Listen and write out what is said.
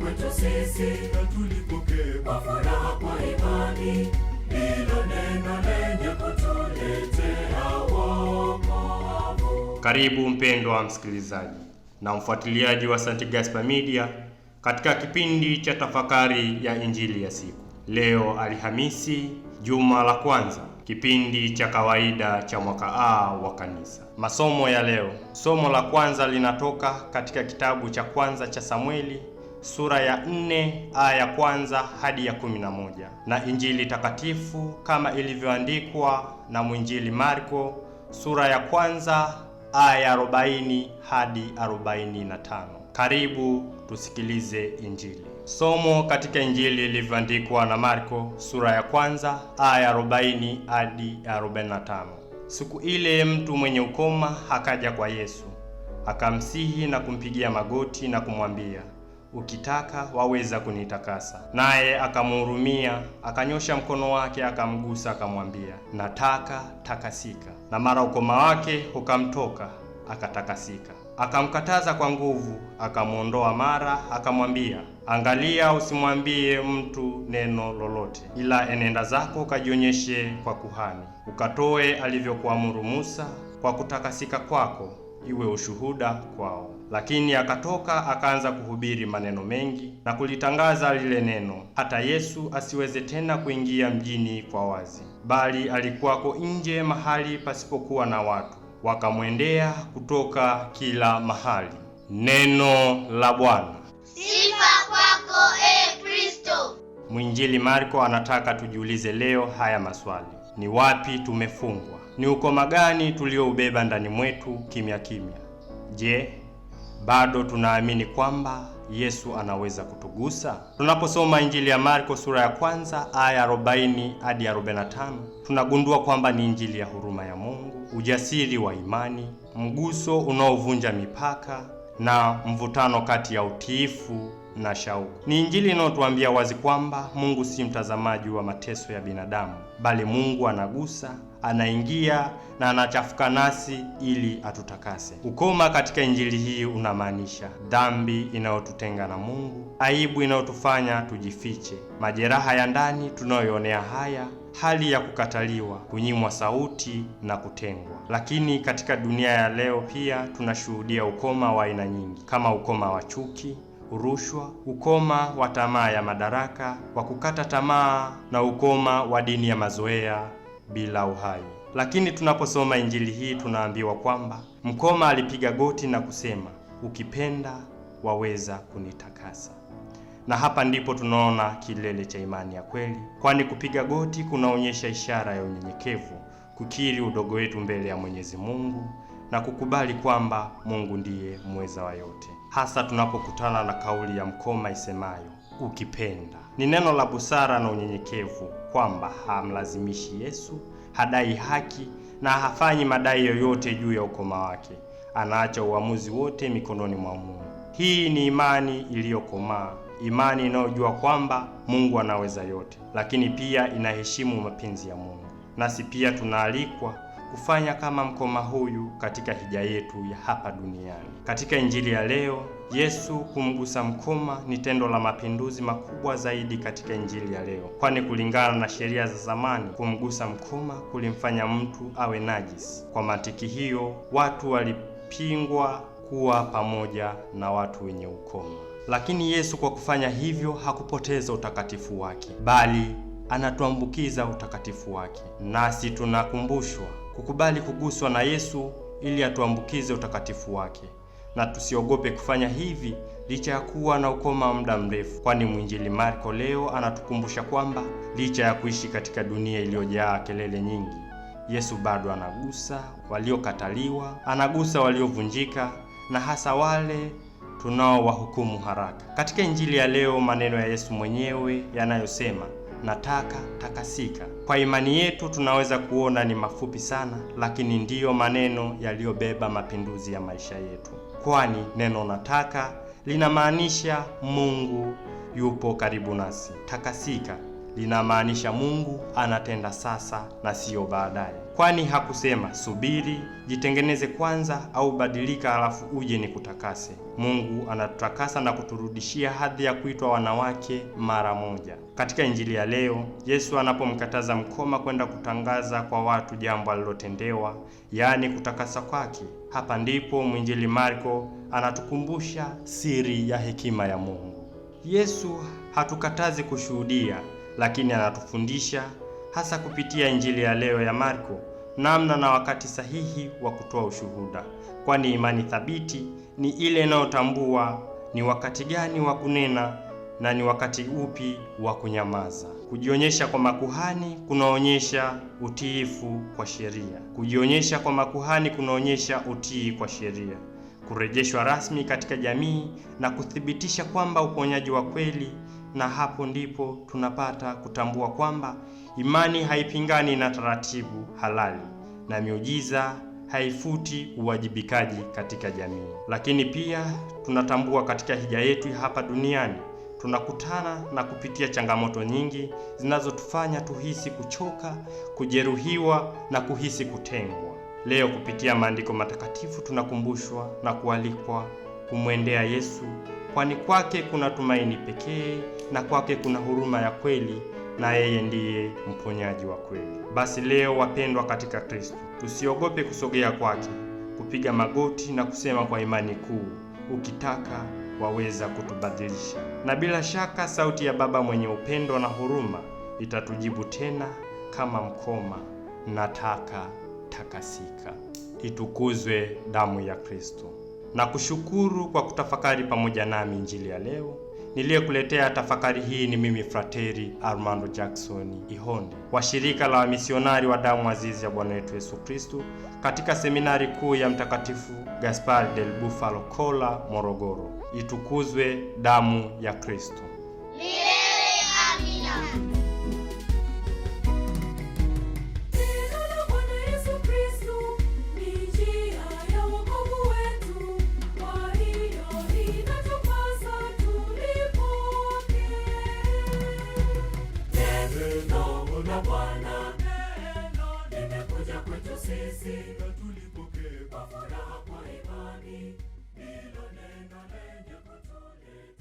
kwetu sisi, na tulipokee kwa furaha kwa imani hilo neno lenye kutuletea wokovu. Karibu mpendwa msikilizaji na mfuatiliaji wa St. Gaspar Media katika kipindi cha tafakari ya injili ya siku leo, Alhamisi, juma la kwanza kipindi cha kawaida cha mwaka A wa kanisa. Masomo ya leo, somo la kwanza linatoka katika kitabu cha kwanza cha Samueli sura ya 4 aya ya kwanza hadi ya 11 na Injili takatifu kama ilivyoandikwa na mwinjili Marko sura ya kwanza aya ya 40 hadi 45. Karibu tusikilize Injili. Somo katika Injili ilivyoandikwa na Marko sura ya kwanza aya ya 40 hadi 45. Siku ile mtu mwenye ukoma akaja kwa Yesu akamsihi na kumpigia magoti na kumwambia ukitaka waweza kunitakasa. Naye akamhurumia, akanyosha mkono wake, akamgusa, akamwambia, nataka, takasika. Na mara ukoma wake ukamtoka, akatakasika. Akamkataza kwa nguvu, akamwondoa mara, akamwambia, angalia, usimwambie mtu neno lolote, ila enenda zako ukajionyeshe kwa kuhani, ukatoe alivyokuamuru Musa kwa kutakasika kwako, iwe ushuhuda kwao lakini akatoka akaanza kuhubiri maneno mengi na kulitangaza lile neno, hata Yesu asiweze tena kuingia mjini kwa wazi, bali alikuwako nje mahali pasipokuwa na watu, wakamwendea kutoka kila mahali. Neno la Bwana. Sifa kwako e Kristo. Mwinjili Marko anataka tujiulize leo haya maswali: ni wapi tumefungwa? Ni ukoma gani tulioubeba ndani mwetu kimya kimya? Je, bado tunaamini kwamba Yesu anaweza kutugusa. Tunaposoma Injili ya Marko sura ya kwanza aya 40 hadi 45, tunagundua kwamba ni Injili ya huruma ya Mungu, ujasiri wa imani, mguso unaovunja mipaka na mvutano kati ya utiifu na shauku. Ni Injili inayotuambia wazi kwamba Mungu si mtazamaji wa mateso ya binadamu, bali Mungu anagusa, anaingia na anachafuka nasi ili atutakase. Ukoma katika Injili hii unamaanisha dhambi inayotutenga na Mungu, aibu inayotufanya tujifiche, majeraha ya ndani tunayoonea haya hali ya kukataliwa, kunyimwa sauti na kutengwa. Lakini katika dunia ya leo pia tunashuhudia ukoma wa aina nyingi, kama ukoma wa chuki, rushwa, ukoma wa tamaa ya madaraka, wa kukata tamaa na ukoma wa dini ya mazoea bila uhai. Lakini tunaposoma Injili hii tunaambiwa kwamba mkoma alipiga goti na kusema, ukipenda waweza kunitakasa. Na hapa ndipo tunaona kilele cha imani ya kweli, kwani kupiga goti kunaonyesha ishara ya unyenyekevu, kukiri udogo wetu mbele ya Mwenyezi Mungu na kukubali kwamba Mungu ndiye muweza wa yote, hasa tunapokutana na kauli ya mkoma isemayo ukipenda. Ni neno la busara na unyenyekevu kwamba hamlazimishi Yesu, hadai haki na hafanyi madai yoyote juu ya ukoma wake. Anaacha uamuzi wote mikononi mwa Mungu. Hii ni imani iliyokomaa, imani inayojua kwamba Mungu anaweza yote, lakini pia inaheshimu mapenzi ya Mungu. Nasi pia tunaalikwa kufanya kama mkoma huyu katika hija yetu ya hapa duniani. Katika Injili ya leo, Yesu kumgusa mkoma ni tendo la mapinduzi makubwa zaidi katika Injili ya leo, kwani kulingana na sheria za zamani kumgusa mkoma kulimfanya mtu awe najisi. Kwa mantiki hiyo, watu walipingwa kuwa pamoja na watu wenye ukoma, lakini Yesu kwa kufanya hivyo hakupoteza utakatifu wake, bali anatuambukiza utakatifu wake, nasi tunakumbushwa kukubali kuguswa na Yesu ili atuambukize utakatifu wake, na tusiogope kufanya hivi licha ya kuwa na ukoma wa muda mrefu, kwani mwinjili Marko leo anatukumbusha kwamba licha ya kuishi katika dunia iliyojaa kelele nyingi, Yesu bado anagusa waliokataliwa, anagusa waliovunjika, na hasa wale tunaowahukumu haraka. Katika injili ya leo, maneno ya Yesu mwenyewe yanayosema na taka takasika. Kwa imani yetu tunaweza kuona ni mafupi sana, lakini ndiyo maneno yaliyobeba mapinduzi ya maisha yetu, kwani neno taka linamaanisha Mungu yupo karibu nasi. Takasika linamaanisha Mungu anatenda sasa na siyo baadaye, kwani hakusema subiri, jitengeneze kwanza au badilika, halafu uje ni kutakase. Mungu anatutakasa na kuturudishia hadhi ya kuitwa wanawake mara moja. Katika Injili ya leo, Yesu anapomkataza mkoma kwenda kutangaza kwa watu jambo alilotendewa, yaani kutakasa kwake, hapa ndipo mwinjili Marko anatukumbusha siri ya hekima ya Mungu. Yesu hatukatazi kushuhudia lakini anatufundisha hasa kupitia Injili ya leo ya Marko namna na wakati sahihi wa kutoa ushuhuda, kwani imani thabiti ni ile inayotambua ni wakati gani wa kunena na ni wakati upi wa kunyamaza. Kujionyesha kwa makuhani kunaonyesha utiifu kwa sheria. Kujionyesha kwa makuhani kunaonyesha utii kwa sheria, kurejeshwa rasmi katika jamii na kuthibitisha kwamba uponyaji wa kweli na hapo ndipo tunapata kutambua kwamba imani haipingani na taratibu halali na miujiza haifuti uwajibikaji katika jamii. Lakini pia tunatambua katika hija yetu hapa duniani tunakutana na kupitia changamoto nyingi zinazotufanya tuhisi kuchoka, kujeruhiwa na kuhisi kutengwa. Leo kupitia maandiko matakatifu tunakumbushwa na kualikwa kumwendea Yesu kwani kwake kuna tumaini pekee na kwake kuna huruma ya kweli na yeye ndiye mponyaji wa kweli. Basi leo wapendwa katika Kristo, tusiogope kusogea kwake, kupiga magoti na kusema kwa imani kuu, ukitaka waweza kutubadilisha. Na bila shaka sauti ya Baba mwenye upendo na huruma itatujibu tena kama mkoma, nataka takasika. Itukuzwe damu ya Kristo! na kushukuru kwa kutafakari pamoja nami injili ya leo. Niliyekuletea tafakari hii ni mimi Frateri Armando Jackson Ihonde wa shirika la wamisionari wa damu azizi ya Bwana wetu Yesu Kristu katika seminari kuu ya Mtakatifu Gaspar del Bufalo Kola, Morogoro. Itukuzwe damu ya Kristu! na kwetu sisi na tulipokea kwa furaha kwa imani, hilo neno lenye kutuleta